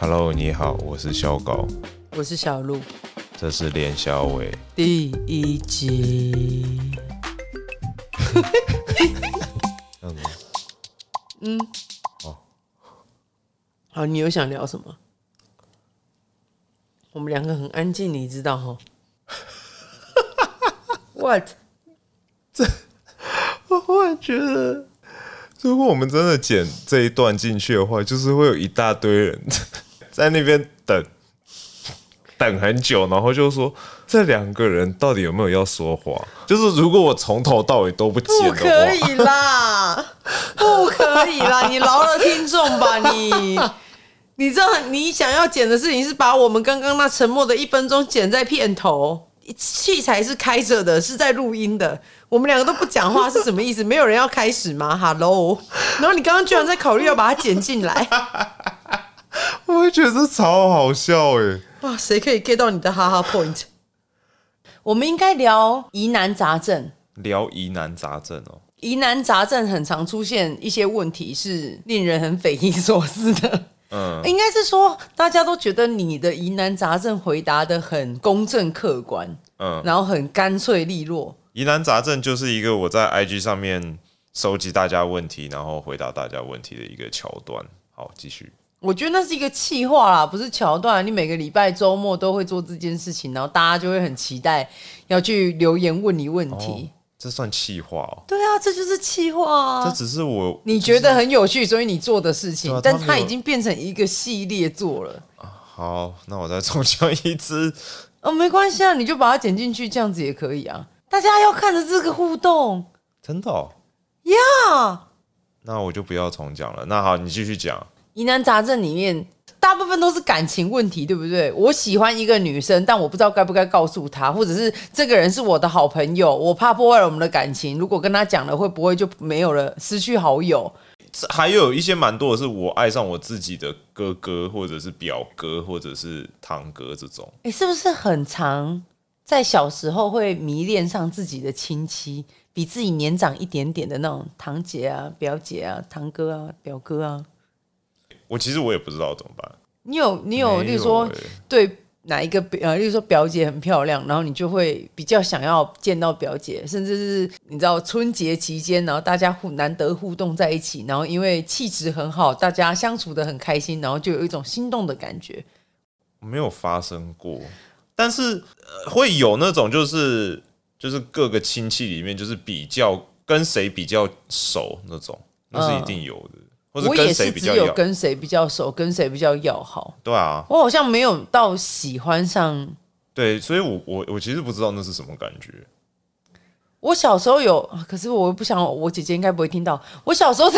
Hello，你好，我是小高，我是小鹿，這是戀囂喂，第一集 ，嗯，哦，好，你有想聊什麼？我們兩個很安靜，你知道齁 ？What？ 這， 我忽然覺得，如果我們真的剪這一段進去的話，就是會有一大堆人。 在那邊等等很久，然後就說，這兩個人到底有沒有要說話？就是如果我從頭到尾都不剪，不可以啦，不可以啦， 你勞了聽眾吧，你，你知道你想要剪的事情是把我們剛剛那沉默的一分鐘剪在片頭，器材是開着的，是在錄音的，我們兩個都不講話 是什麼意思？沒有人要開始嗎？Hello，然後你剛剛居然在考慮要把它剪進來。 我會覺得這超好笑哎、欸！哇，誰可以 get 到你的哈哈 point？ 我們應該聊疑難雜症。聊疑難雜症哦。疑難雜症很常出現一些問題是令人很匪夷所思的。嗯，應該是說大家都覺得你的疑難雜症回答得很公正客觀。嗯，然後很乾脆利落。疑難雜症就是一個我在 IG 上面收集大家問題，然後回答大家問題的一個橋段。好，繼續。我覺得那是一個企劃啦，不是橋段。你每個禮拜周末都會做這件事情，然後大家就會很期待要去留言問你問題。哦、這算企劃、哦？對啊，這就是企劃、啊。這只是我你覺得很有趣，所以你做的事情，啊、但它已經變成一個系列做了。啊、好，那我再重講一次。哦，沒關係啊，你就把它剪進去，這樣子也可以啊。大家要看着這個互動。真的、哦？呀、yeah。那我就不要重講了。那好，你繼續講。疑難雜症裡面大部分都是感情問題，對不對？我喜歡一個女生，但我不知道該不該告訴她，或者是這個人是我的好朋友，我怕破壞了我們的感情。如果跟他講了，會不會就沒有了，失去好友？還有一些蠻多的是我愛上我自己的哥哥，或者是表哥，或者是堂哥這種。你是不是很常在小時候會迷戀上自己的親戚，比自己年長一點點的那種堂姐啊、表姐啊、堂哥啊、表哥啊？我其實我也不知道怎麼辦。你有你有，例如說對哪一個表、呃，例如說表姐很漂亮，然後你就會比較想要見到表姐，甚至是你知道春節期間，然後大家互難得互動在一起，然後因為氣質很好，大家相處得很開心，然後就有一種心動的感覺。沒有發生過，但是會有那種就是就是各個親戚裡面，就是比較跟誰比較熟那種，那是一定有的。嗯我也是只有跟誰比較熟，跟誰比較要好。對啊，我好像沒有到喜歡上。對，所以我我我其實不知道那是什麼感覺。我小時候有，啊、可是我又不想，我姐姐應該不會聽到。我小時候，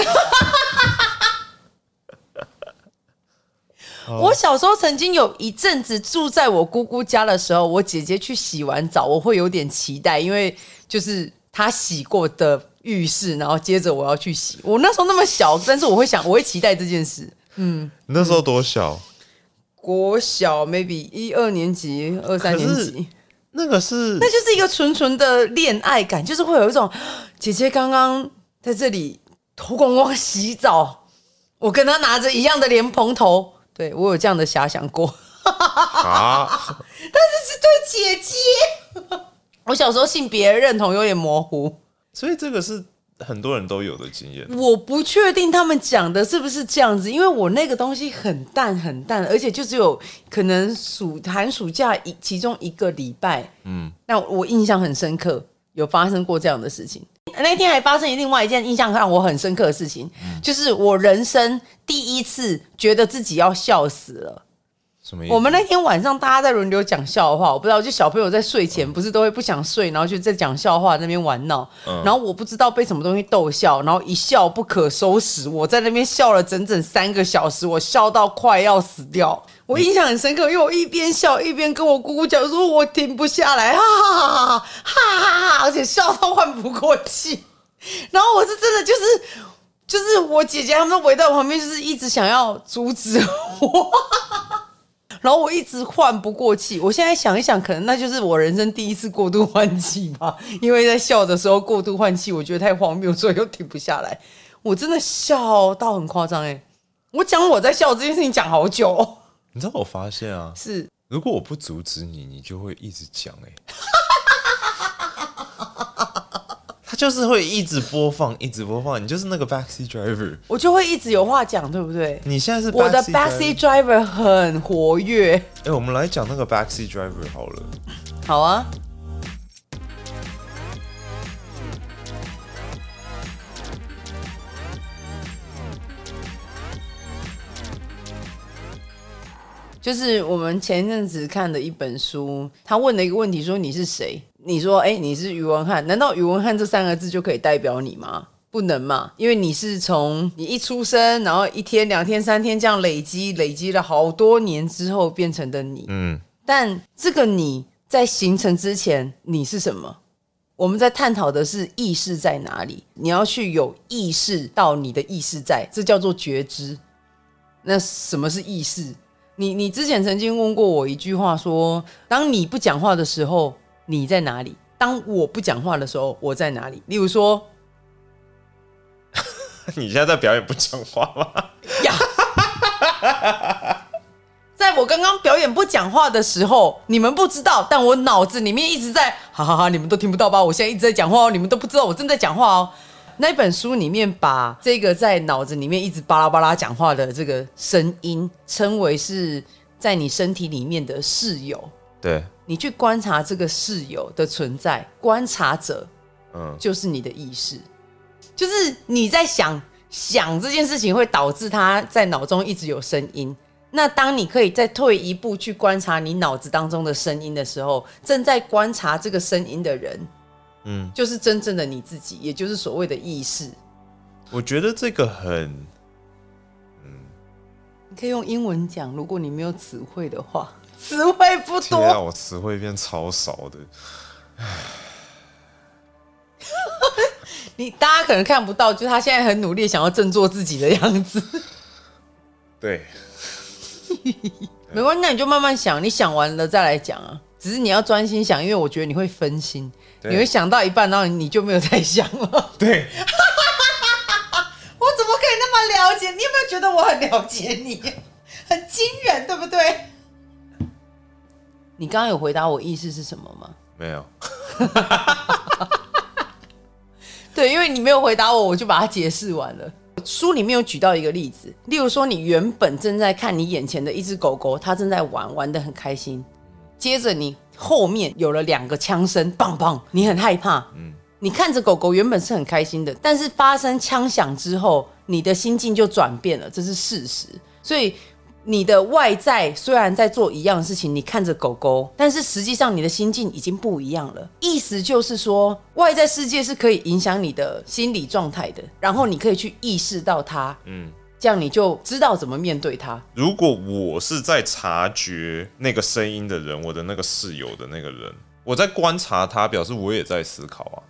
oh. 我小時候曾經有一陣子住在我姑姑家的時候，我姐姐去洗完澡，我會有點期待，因為就是她洗過的。浴室，然後接着我要去洗。我那時候那麼小，但是我會想，我會期待這件事。嗯，你那時候多小？嗯、國小 maybe 一二年級、二三年級。那個是，那就是一個純純的戀愛感，就是會有一種、啊、姐姐剛剛在這裡頭光光洗澡，我跟她拿着一樣的蓮蓬頭，對，我有這樣的遐想過。啊！但是是對姐姐。我小時候性別認同有點模糊。所以這個是很多人都有的經驗。我不確定他們講的是不是這樣子，因為我那個東西很淡很淡，而且就只有可能暑寒暑假一其中一個禮拜，嗯，那我印象很深刻，有發生過這樣的事情。那天還發生另外一件印象讓我很深刻的事情，就是我人生第一次覺得自己要笑死了。我們那天晚上，大家在輪流講笑話。我不知道，就小朋友在睡前不是都會不想睡，然後就在講笑話那邊玩鬧。然後我不知道被什麼東西逗笑，然後一笑不可收拾。我在那邊笑了整整三個小時，我笑到快要死掉。我印象很深刻，因為我一邊笑一邊跟我姑姑講，說我停不下來，哈哈哈哈哈哈，而且笑到換不過氣。然後我是真的就是就是我姐姐她們都圍在我旁邊，就是一直想要阻止我。然後我一直換不過氣，我現在想一想，可能那就是我人生第一次過度換氣吧，因為在笑的時候過度換氣，我覺得太荒謬，所以又停不下來。我真的笑到很誇張，哎，我講我在笑這件事情講好久，你知道我發現啊，是如果我不阻止你，你就會一直講，欸，哎。 就是會一直播放，一直播放，你就是那個 backseat driver，我就會一直有話講，對不對？你現在是我的 backseat driver 很活躍。哎、欸，我們來講那個 backseat driver 好了。好啊。就是我們前一陣子看的一本書，他問了一個問題，說你是誰？你說：“哎、欸，你是宇文翰，難道宇文翰這三個字就可以代表你嗎？不能嘛，因為你是從你一出生，然後一天、兩天、三天這樣累積、累積了好多年之後變成的你。嗯，但這個你在形成之前，你是什麼？我們在探討的是意識在哪裡？你要去有意識到你的意識在，這叫做覺知。那什麼是意識？你你之前曾經問過我一句話，說：當你不講話的時候。”你在哪裡？當我不講話的時候，我在哪裡？例如說， 你現在在表演不講話嗎？Yeah. 在我剛剛表演不講話的時候，你們不知道，但我腦子裡面一直在，哈哈哈哈，你們都聽不到吧？我現在一直在講話哦，你們都不知道我正在講話哦。那本書裡面把這個在腦子裡面一直巴拉巴拉講話的這個聲音，稱為是在你身體裡面的室友。對。你去觀察這個室友的存在，觀察者，嗯，就是你的意識，就是你在想，想這件事情會導致他在腦中一直有聲音。那當你可以再退一步去觀察你腦子當中的聲音的時候，正在觀察這個聲音的人，嗯，就是真正的你自己，也就是所謂的意識。我覺得這個很，嗯，你可以用英文講，如果你沒有詞彙的話。詞彙不多，我詞彙變超少的。 你大家可能看不到，就是他現在很努力想要振作自己的樣子。對 ， 沒關係，那你就慢慢想，你想完了再來講啊。只是你要專心想，因為我覺得你會分心，對，你會想到一半，然後你就沒有再想了。 對， 我怎麼可以那麼了解？你有沒有覺得我很了解你？很驚人，對不對？你剛剛有回答我意思是什麼嗎？沒有。 對，因為你沒有回答我，我就把它解釋完了。書裡面有舉到一個例子，例如說，你原本正在看你眼前的一隻狗狗，它正在玩，玩得很開心。接着你後面有了兩個槍聲，砰砰，你很害怕。嗯，你看着狗狗原本是很開心的，但是發生槍響之後，你的心境就轉變了，這是事實。所以。你的外在雖然在做一樣的事情，你看着狗狗，但是實際上你的心境已經不一樣了。意思就是說，外在世界是可以影響你的心理狀態的，然後你可以去意識到它，嗯，這樣你就知道怎麼面對它。如果我是在察覺那個聲音的人，我的那個室友的那個人，我在觀察他，表示我也在思考啊。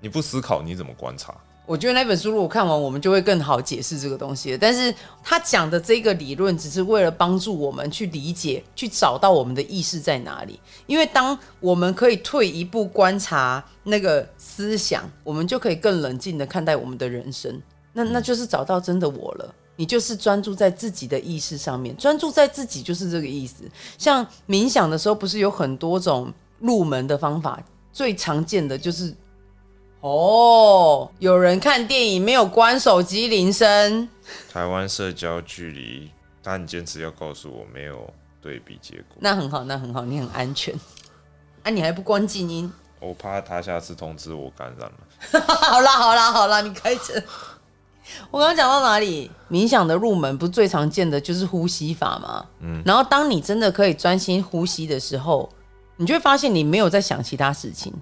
你不思考你怎麼觀察？我覺得那本書如果看完，我們就會更好解釋這個東西。但是他講的這個理論，只是為了幫助我們去理解，去找到我們的意識在哪裡。因為當我們可以退一步觀察那個思想，我們就可以更冷靜地看待我們的人生。那那就是找到真的我了。你就是專注在自己的意識上面，專注在自己就是這個意思。像冥想的時候，不是有很多種入門的方法，最常見的就是。哦，有人看電影沒有關手機鈴聲。台灣社交距離，但你堅持要告訴我沒有對比結果。 那很好，那很好，你很安全。 啊，你還不關靜音？我怕他下次通知我感染了。 好啦，好啦，好啦，你開始。 我剛剛講到哪裡？冥想的入門不是最常見的就是呼吸法嗎？嗯。然後，當你真的可以專心呼吸的時候，你就會發現你沒有在想其他事情。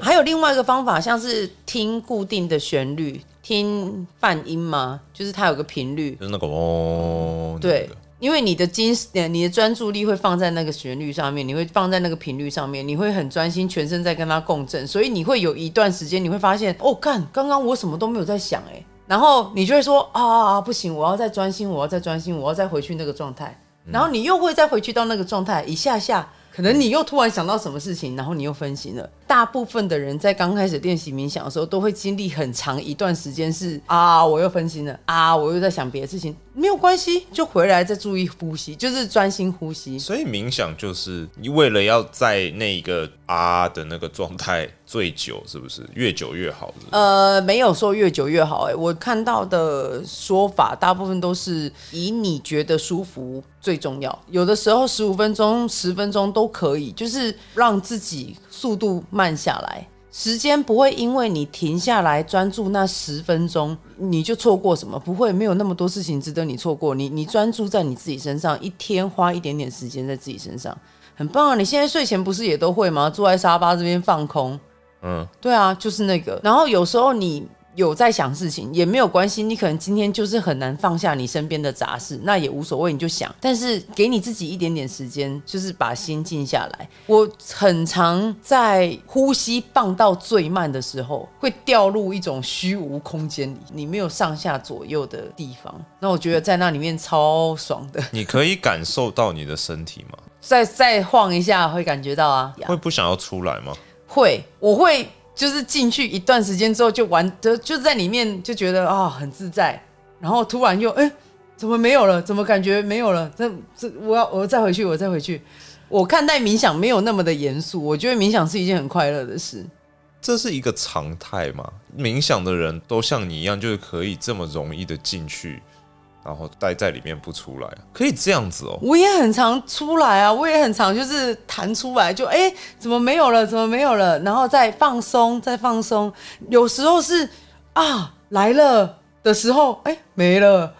還有另外一個方法，像是聽固定的旋律、聽泛音嗎？就是它有個頻率，就是那個哦。對、那個，因為你的精神，你的專注力會放在那個旋律上面，你會放在那個頻率上面，你會很專心，全身在跟它共振，所以你會有一段時間，你會發現哦，幹，剛剛我什麼都沒有在想誒，然後你就會說啊，不行，我要再專心，我要再專心，我要再回去那個狀態，然後你又會再回去到那個狀態，嗯，一下下，可能你又突然想到什麼事情，然後你又分心了。大部分的人在剛開始練習冥想的時候，都會經歷很長一段時間，是啊，我又分心了啊，我又在想別的事情。沒有關係，就回來再注意呼吸，就是專心呼吸。所以冥想就是你為了要在那一個啊的那個狀態最久，是不是？越久越好？是不是？呃，沒有說越久越好。欸。哎，我看到的說法大部分都是以你覺得舒服最重要。有的時候十五分鐘、十分鐘都可以，就是讓自己。速度慢下來，時間不會因為你停下來專注那十分鐘，你就錯過什麼？不會，沒有那麼多事情值得你錯過。你你專注在你自己身上，一天花一點點時間在自己身上，很棒啊！你現在睡前不是也都會嗎？坐在沙發這邊放空，嗯，對啊，就是那個。然後有時候你。有在想事情也沒有關係，你可能今天就是很難放下你身邊的雜事，那也無所謂，你就想。但是給你自己一點點時間，就是把心靜下來。我很常在呼吸放到最慢的時候，會掉入一種虛無空間裡，你沒有上下左右的地方。那我覺得在那裡面超爽的。你可以感受到你的身體嗎？再再晃一下會感覺到啊。會不想要出來嗎？會，我會。就是進去一段時間之後就，就玩得就在裡面就覺得啊、哦、很自在，然後突然又誒、欸，怎麼沒有了？怎麼感覺沒有了？這這我要我再回去，我再回去。我看待冥想沒有那麼的嚴肅，我覺得冥想是一件很快樂的事。這是一個常態嗎？冥想的人都像你一樣，就是可以這麼容易的進去？然後待在裡面不出來，可以這樣子哦。我也很常出來啊，我也很常就是彈出來，就哎、欸，怎麼沒有了？怎麼沒有了？然後再放鬆，再放鬆。有時候是啊，來了的時候，哎、欸，沒了，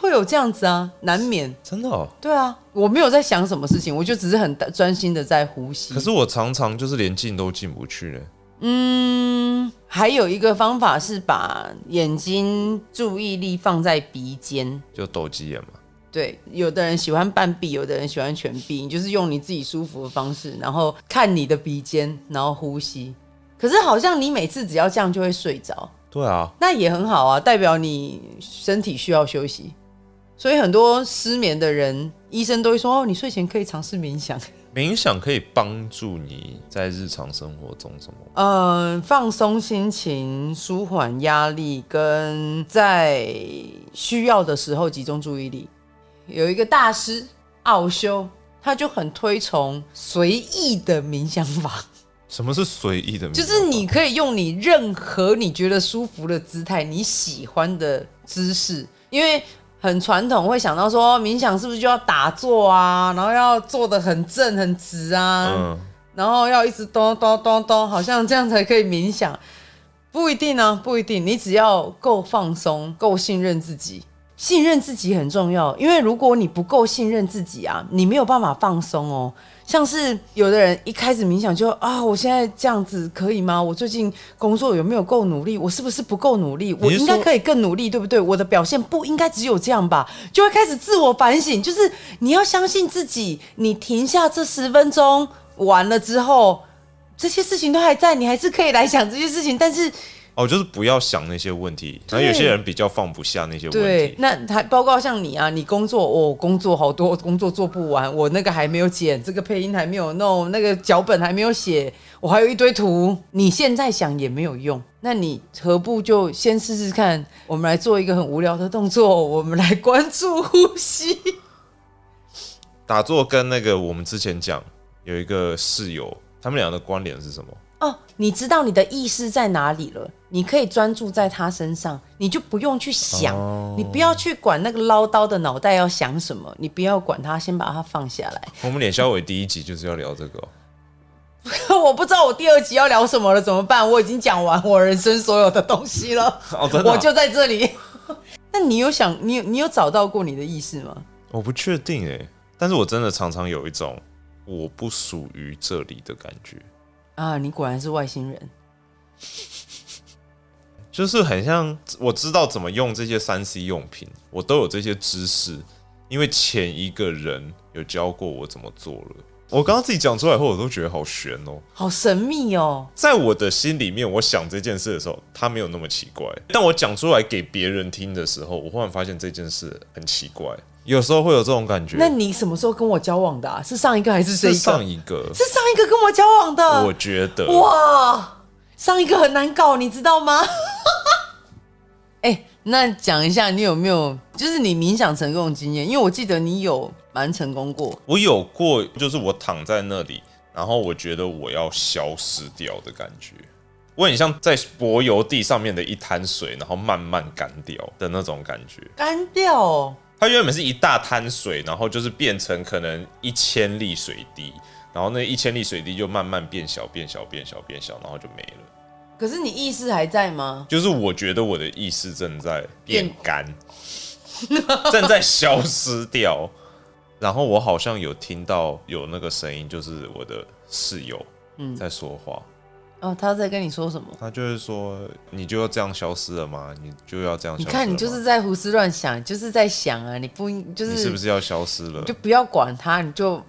會有這樣子啊，難免。真的哦？對啊，我沒有在想什麼事情，我就只是很專心的在呼吸。可是我常常就是連進都進不去呢、欸。嗯，還有一個方法是把眼睛注意力放在鼻尖，就鬥雞眼嘛。對，有的人喜歡半閉，有的人喜歡全閉，你就是用你自己舒服的方式，然後看你的鼻尖，然後呼吸。可是好像你每次只要這樣就會睡着。對啊，那也很好啊，代表你身體需要休息。所以很多失眠的人，醫生都會說，哦，你睡前可以嘗試冥想。冥想可以幫助你在日常生活中什麼？嗯、呃，放鬆心情、舒緩壓力，跟在需要的時候集中注意力。有一個大師奧修，他就很推崇隨意的冥想法。什麼是隨意的冥想法？就是你可以用你任何你覺得舒服的姿態，你喜歡的姿勢，因為很傳統，會想到說冥想是不是就要打坐啊，然後要坐得很正很直啊，嗯，然後要一直咚咚咚咚，好像這樣才可以冥想。不一定啊，不一定。你只要夠放鬆，夠信任自己，信任自己很重要。因為如果你不夠信任自己啊，你沒有辦法放鬆哦。像是有的人一開始冥想就啊，我現在這樣子可以嗎？我最近工作有沒有夠努力？我是不是不夠努力？我應該可以更努力，對不對？我的表現不應該只有這樣吧？就會開始自我反省，就是你要相信自己，你停下這十分鐘，完了之後，這些事情都還在，你還是可以來想這些事情，但是。我、哦、就是不要想那些問題，然後有些人比較放不下那些問題。對，那他包括像你啊，你工作，我、哦、工作好多工作做不完，我那個還沒有剪，這個配音還沒有弄，那個腳本還沒有寫，我還有一堆圖。你現在想也沒有用，那你何不就先試試看？我們來做一個很無聊的動作，我們來關注呼吸。打坐跟那個我們之前講有一個室友，他們兩個的關聯是什麼？哦，你知道你的意識在哪裡了？你可以專注在他身上，你就不用去想，哦、你不要去管那個嘮叨的腦袋要想什麼，你不要管他，先把他放下來。我們戀囂喂第一集就是要聊這個、哦， 我不知道我第二集要聊什麼了，怎麼辦？我已經講完我人生所有的東西了，哦、真的、啊，我就在這裡。 那你有想你你有找到過你的意識嗎？我不確定誒。但是我真的常常有一種我不屬於這裡的感覺。啊，你果然是外星人，就是很像我知道怎麼用這些三 C 用品，我都有這些知識，因為前一個人有教過我怎麼做了。我剛剛自己講出來後，我都覺得好玄哦、喔，好神秘哦、喔。在我的心裡面，我想這件事的時候，它沒有那麼奇怪；但我講出來給別人聽的時候，我忽然發現這件事很奇怪。有時候會有這種感覺。那你什麼時候跟我交往的啊？是上一個還是上一個？是上一個。是上一個跟我交往的。我覺得哇，上一個很難搞，你知道嗎？哎、 欸，那講一下，你有沒有就是你冥想成功的經驗？因為我記得你有蠻成功過。我有過，就是我躺在那裡，然後我覺得我要消失掉的感覺，我很像在柏油地上面的一灘水，然後慢慢乾掉的那種感覺，乾掉。它原本是一大灘水，然後就是變成可能一千粒水滴，然後那一千粒水滴就慢慢變小、變小、變小、變小，變小，然後就沒了。可是你意識還在嗎？就是我覺得我的意識正在變乾，變 正在消失掉。然後我好像有聽到有那個聲音，就是我的室友嗯，在說話。嗯哦，他在跟你說什麼？他就是說，你就要這樣消失了嗎？你就要這樣消失了嗎？你看，你就是在胡思亂想，就是在想啊，你不應就是，你是不是要消失了？就不要管他，你就。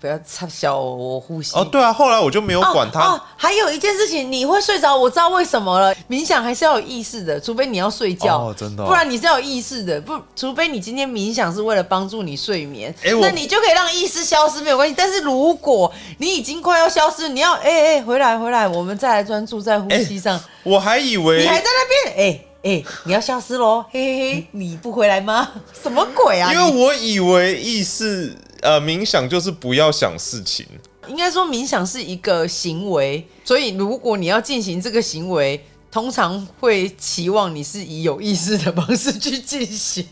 不要插小我呼吸哦。對啊，後來我就沒有管他。哦，哦還有一件事情，你會睡着，我知道為什麼了。冥想還是要有意識的，除非你要睡覺。哦，真的、哦。不然你是要有意識的，不，除非你今天冥想是為了幫助你睡眠、欸。那你就可以讓意識消失，沒有關係。但是如果你已經快要消失，你要哎哎、欸欸、回來回來，我們再來專注在呼吸上。欸、我還以為你還在那邊。哎、欸、哎、欸，你要消失嘍！嘿嘿嘿，你不回來嗎？什麼鬼啊？因為我以為意識。呃，冥想就是不要想事情。應該說，冥想是一個行為，所以如果你要進行這個行為，通常會期望你是以有意思的方式去進行。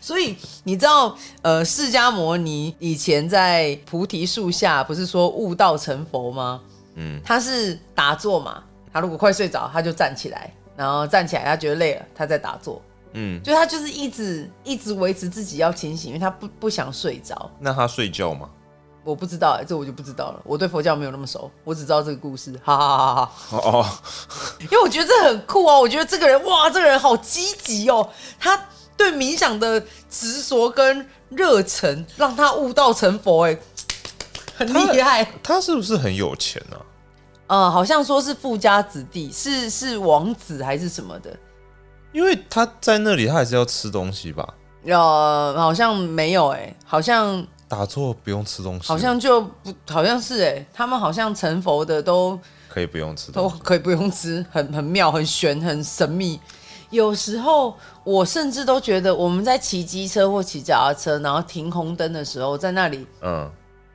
所以你知道，呃，釋迦牟尼以前在菩提樹下，不是說悟道成佛嗎？嗯，他是打坐嘛。他如果快睡着，他就站起來，然後站起來，他覺得累了，他在打坐。嗯，就他就是一直一直維持自己要清醒，因為他不不想睡着。那他睡覺嗎？我不知道哎，這我就不知道了。我對佛教沒有那麼熟，我只知道這個故事。哈哈哈哈，哦，因為我覺得這很酷哦，我覺得這個人哇，這個人好積極哦，他對冥想的執着跟熱忱，讓他悟道成佛，哎，很厲害。他，他是不是很有錢啊？嗯，好像說是富家子弟，是是王子還是什麼的。因為他在那裡，他還是要吃東西吧？呃、uh，好像沒有哎、欸，好像打坐不用吃東西，好像就不，好像是哎、欸，他們好像成佛的都可以不用吃，都可以不用吃，很很妙，很玄，很神秘。有時候我甚至都覺得我們在騎機車或騎腳踏車，然後停紅燈的時候，在那裡，嗯，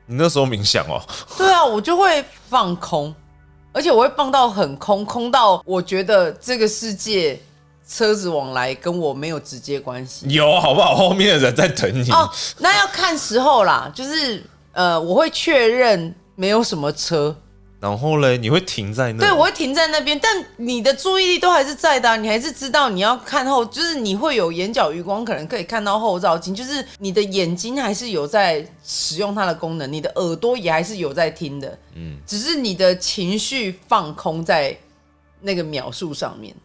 你那時候冥想哦？ 對啊，我就會放空，而且我會放到很空，空到我覺得這個世界。車子往來跟我沒有直接關係，有好不好？後面的人在等你哦。Oh, 那要看時候啦，就是呃，我會確認沒有什麼車，然後嘞，你會停在那？對，我會停在那邊，但你的注意力都還是在的、啊，你還是知道你要看後，就是你會有眼角餘光可能可以看到後照鏡，就是你的眼睛還是有在使用它的功能，你的耳朵也還是有在聽的，嗯，只是你的情緒放空在那個描述上面。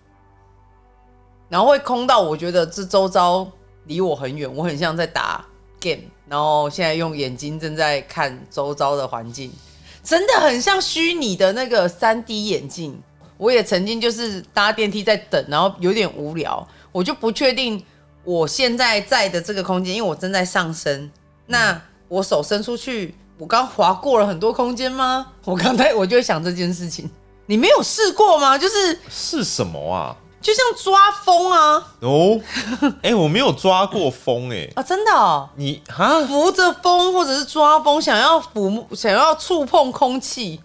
然後會空到，我覺得這周遭離我很遠，我很像在打 game，然後現在用眼睛正在看周遭的環境，真的很像虛擬的那個 3D 眼鏡。我也曾經就是搭電梯在等，然後有點無聊，我就不確定我現在在的這個空間，因為我正在上升。那我手伸出去，我剛滑過了很多空間嗎？我剛才我就想這件事情，你沒有試過嗎？就是是什麼啊？就像抓風啊！哦，哎、欸，我沒有抓過風、欸，哎 啊，真的、哦，你哈，扶着風或者是抓風，想要撫摸，想要觸碰空氣，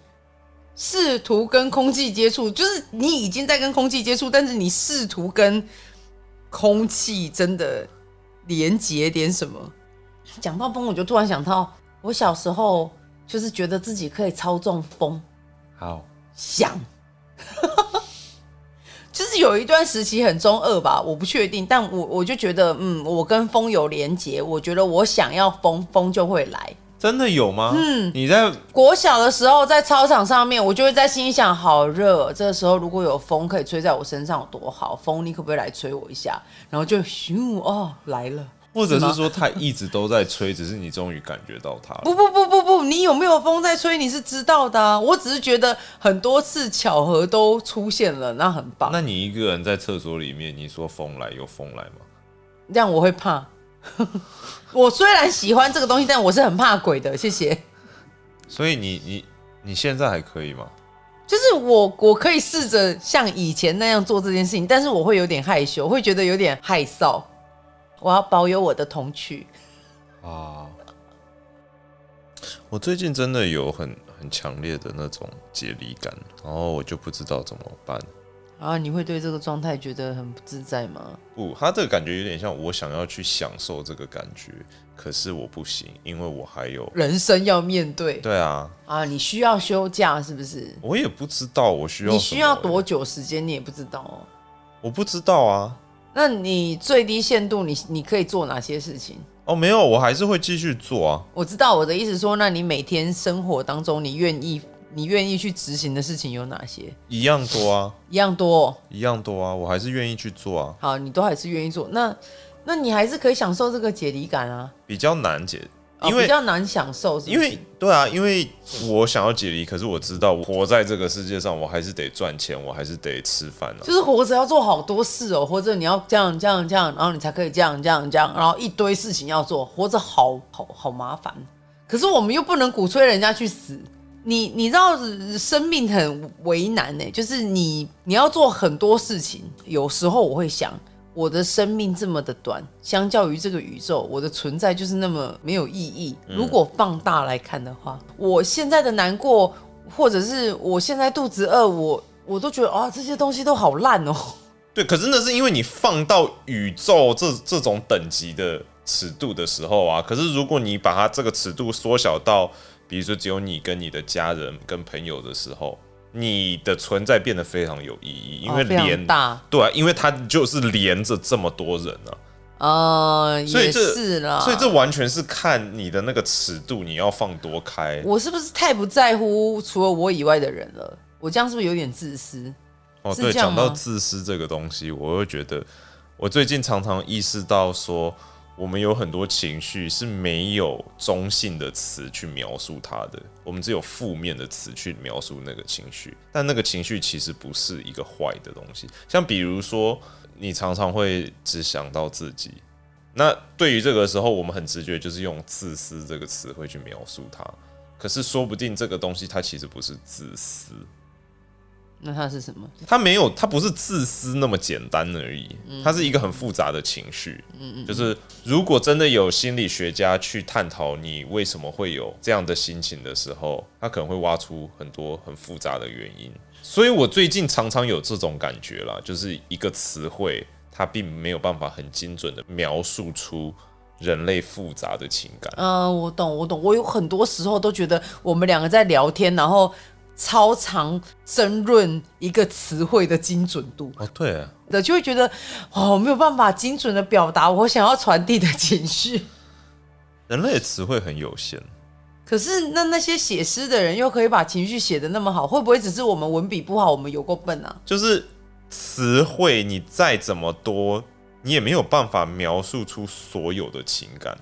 試圖跟空氣接觸，就是你已經在跟空氣接觸，但是你試圖跟空氣真的連接點什麼？講到風，我就突然想到，我小時候就是覺得自己可以操縱風，好想。 就是有一段時期很中二吧，我不確定，但我我就覺得，嗯，我跟風有連結，我覺得我想要風，風就會來。真的有嗎？嗯，你在國小的時候，在操場上面，我就會在心想，好熱，這個時候如果有風可以吹在我身上有多好，風你可不可以來吹我一下？然後就咻哦來了。或者是說，他一直都在吹， 只是你終於感覺到他了。不不不。你有沒有風在吹？你是知道的啊。我只是覺得很多次巧合都出現了，那很棒。那你一個人在廁所裡面，你說風來有風來嗎？這樣我會怕。 我雖然喜歡這個東西，但我是很怕鬼的。謝謝。所以你你你現在還可以嗎？就是我我可以試着像以前那樣做這件事情，但是我會有點害羞，我會覺得有點害臊。我要保有我的童趣啊。我最近真的有很很強烈的那種解離感，然後我就不知道怎麼辦。啊，你會對這個狀態覺得很不自在嗎？不，他這個感覺有點像我想要去享受這個感覺，可是我不行，因為我還有人生要面對。對啊，啊，你需要休假是不是？我也不知道，我需要你需要多久時間，你也不知道哦、喔。我不知道啊，那你最低限度你，你你可以做哪些事情？哦，沒有，我還是會繼續做啊。我知道我的意思說，說那你每天生活當中你，你願意你願意去執行的事情有哪些？一樣多啊，一樣多，一樣多啊，我還是願意去做啊。好，你都還是願意做，那那你還是可以享受這個解離感啊，比較難解。哦、因為比較難享受是是，因為對啊，因為我想要解離，可是我知道我活在這個世界上，我還是得賺錢，我還是得吃飯、啊、就是活着要做好多事哦，或者你要這樣這樣這樣，然後你才可以這樣這樣這樣，然後一堆事情要做，活着好好好麻煩。可是我們又不能鼓吹人家去死，你你知道生命很為難呢、欸，就是你你要做很多事情。有時候我會想。我的生命這麼的短，相較於這個宇宙，我的存在就是那麼沒有意義。嗯。如果放大來看的話，我現在的難過，或者是我現在肚子餓，我我都覺得啊，這些東西都好爛哦、喔。對，可是那是因為你放到宇宙這這種等級的尺度的時候啊，可是如果你把它這個尺度縮小到，比如說只有你跟你的家人、跟朋友的時候。你的存在變得非常有意義，因為連、哦、大對、啊，因為它就是連着這麼多人啊，呃，所以這，也是啦，所以這完全是看你的那個尺度，你要放多開。我是不是太不在乎除了我以外的人了？我這樣是不是有點自私？哦，對，講到自私這個東西，我會覺得我最近常常意識到說。我們有很多情緒是沒有中性的詞去描述它的，我們只有負面的詞去描述那個情緒，但那個情緒其實不是一個壞的東西。像比如說，你常常會只想到自己，那對於這個時候，我們很直覺就是用“自私”這個詞彙去描述它，可是說不定這個東西它其實不是自私。那他是什麼？他沒有，他不是自私那麼簡單而已。他是一個很複雜的情緒。嗯，就是如果真的有心理學家去探討你為什麼會有這樣的心情的時候，他可能會挖出很多很複雜的原因。所以我最近常常有這種感覺啦，就是一個詞彙，它並沒有辦法很精準的描述出人類複雜的情感。嗯、呃，我懂，我懂。我有很多時候都覺得我們兩個在聊天，然後。超常爭論一個詞彙的精準度哦，對啊，就會覺得哦，我沒有辦法精準地表達我想要傳遞的情緒。人類的詞彙很有限，可是那那些寫詩的人又可以把情緒寫得那麼好，會不會只是我們文筆不好，我們有夠笨啊？就是詞彙，你再怎麼多，你也沒有辦法描述出所有的情感，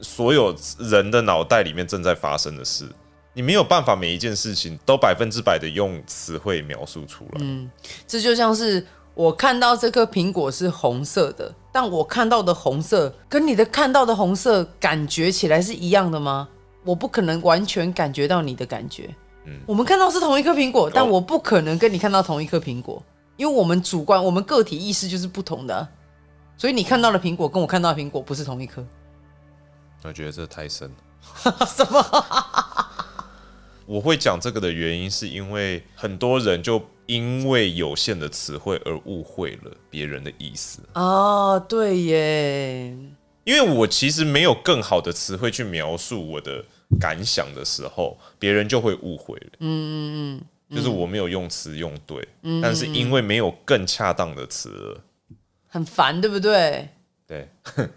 所有人的腦袋裡面正在發生的事。你沒有辦法每一件事情都百分之百的用詞彙描述出來。嗯，這就像是我看到這顆蘋果是紅色的，但我看到的紅色跟你的看到的紅色感覺起來是一樣的嗎？我不可能完全感覺到你的感覺。嗯，我們看到是同一顆蘋果、哦，但我不可能跟你看到同一顆蘋果，因為我們主觀，我們個體意識就是不同的、啊。所以你看到的蘋果跟我看到的蘋果不是同一顆。我覺得這太深了。 什麼？ 我會講這個的原因，是因為很多人就因為有限的詞彙而誤會了別人的意思。哦、oh,，對耶，因為我其實沒有更好的詞彙去描述我的感想的時候，別人就會誤會了。嗯嗯嗯，就是我沒有用詞用對，Mm-hmm. 但是因為沒有更恰當的詞，很煩，對不對？對。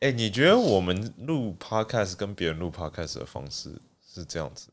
誒、欸，你覺得我們錄 podcast 跟別人錄 podcast 的方式是這樣子的？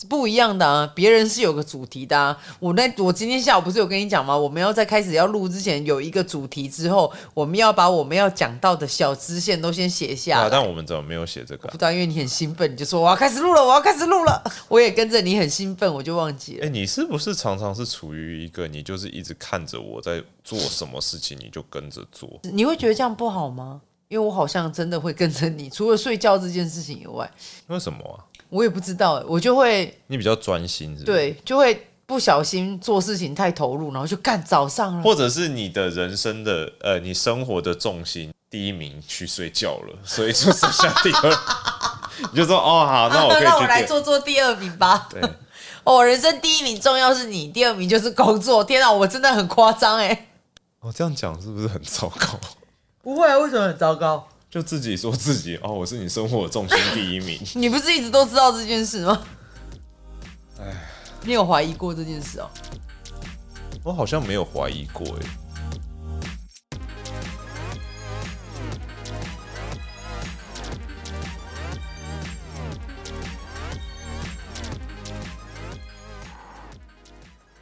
是不一樣的啊！別人是有個主題的、啊。我那我今天下午不是有跟你講嗎？我們要在開始要錄之前有一個主題，之後我們要把我們要講到的小支線都先寫下來、啊。但我們怎麼沒有寫這個、啊？不知道，因為你很興奮，你就說我要開始錄了，我要開始錄了。我也跟着你很興奮，我就忘記了、欸。你是不是常常是處於一個你就是一直看着我在做什麼事情，你就跟着做？你會覺得這樣不好嗎？因為我好像真的會跟着你，除了睡覺這件事情以外，為什麼啊？我也不知道、欸，我就會你比較專心是不是？對，就會不小心做事情太投入，然後就幹早上了，或者是你的人生的呃，你生活的重心第一名去睡覺了，所以說剩下第二， 你就說哦好，那我可以、啊、那我來做做第二名吧。對，哦，人生第一名重要是你，第二名就是工作。天啊，我真的很誇張哎。哦，這樣講是不是很糟糕？ 不會啊，為什麼很糟糕？就自己說自己哦，我是你生活的重心第一名。啊，你不是一直都知道這件事嗎？哎，你有懷疑過這件事哦？我好像沒有懷疑過哎。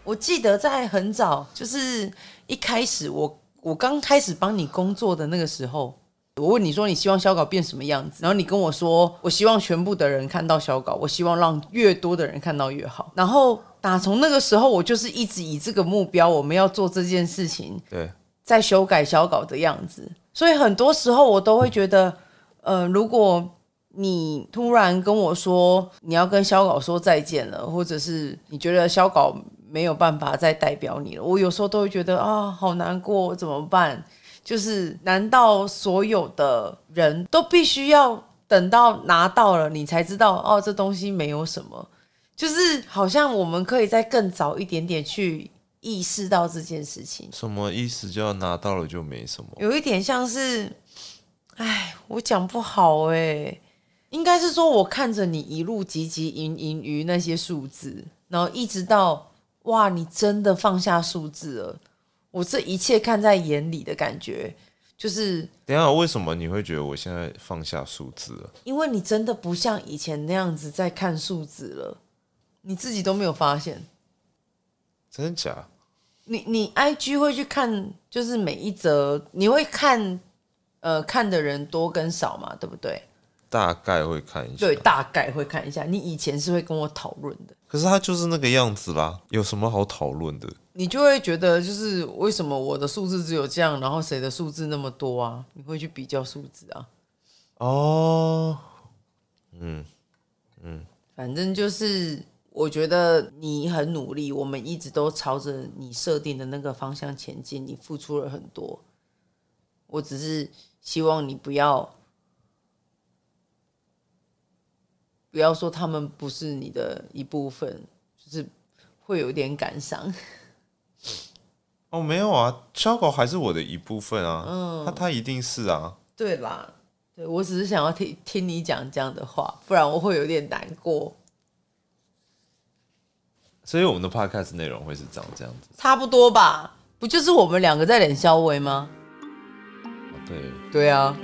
我記得在很早，就是一開始我。我剛開始幫你工作的那個時候，我問你說，你希望小稿變什麼樣子？然後你跟我說，我希望全部的人看到小稿，我希望讓越多的人看到越好。然後打從那個時候，我就是一直以這個目標，我們要做這件事情，對，在修改小稿的樣子。所以很多時候我都會覺得，嗯、呃，如果你突然跟我說你要跟小稿說再見了，或者是你覺得小稿。沒有辦法再代表你了。我有時候都會覺得啊、哦，好難過，怎麼辦？就是難道所有的人都必須要等到拿到了，你才知道哦，這東西沒有什麼？就是好像我們可以再更早一點點去意識到這件事情。什麼意思？就要拿到了就沒什麼？有一點像是，哎，我講不好誒、欸，應該是說，我看着你一路汲汲營營於那些數字，然後一直到。哇，你真的放下數字了？我這一切看在眼裡的感覺，就是等下，為什麼你會覺得我現在放下數字了？因為你真的不像以前那樣子在看數字了，你自己都沒有發現。真的假？你你 IG 會去看，就是每一則，你會看，呃，看的人多跟少嘛，對不對？大概會看一下，對，大概會看一下。你以前是會跟我討論的，可是他就是那個樣子啦，有什麼好討論的？你就會覺得，就是為什麼我的數字只有這樣，然後誰的數字那麼多啊？你會去比較數字啊？哦，嗯嗯，反正就是我覺得你很努力，我們一直都朝着你設定的那個方向前進，你付出了很多。我只是希望你不要。不要說他們不是你的一部分，就是會有點感傷。哦，沒有啊，小狗還是我的一部分啊。嗯，那它一定是啊。對啦，對，我只是想要聽聽你講這樣的話，不然我會有點難過。所以我們的 podcast 內容會是長這樣子，差不多吧？不就是我們兩個在戀囂喂嗎？對。對啊。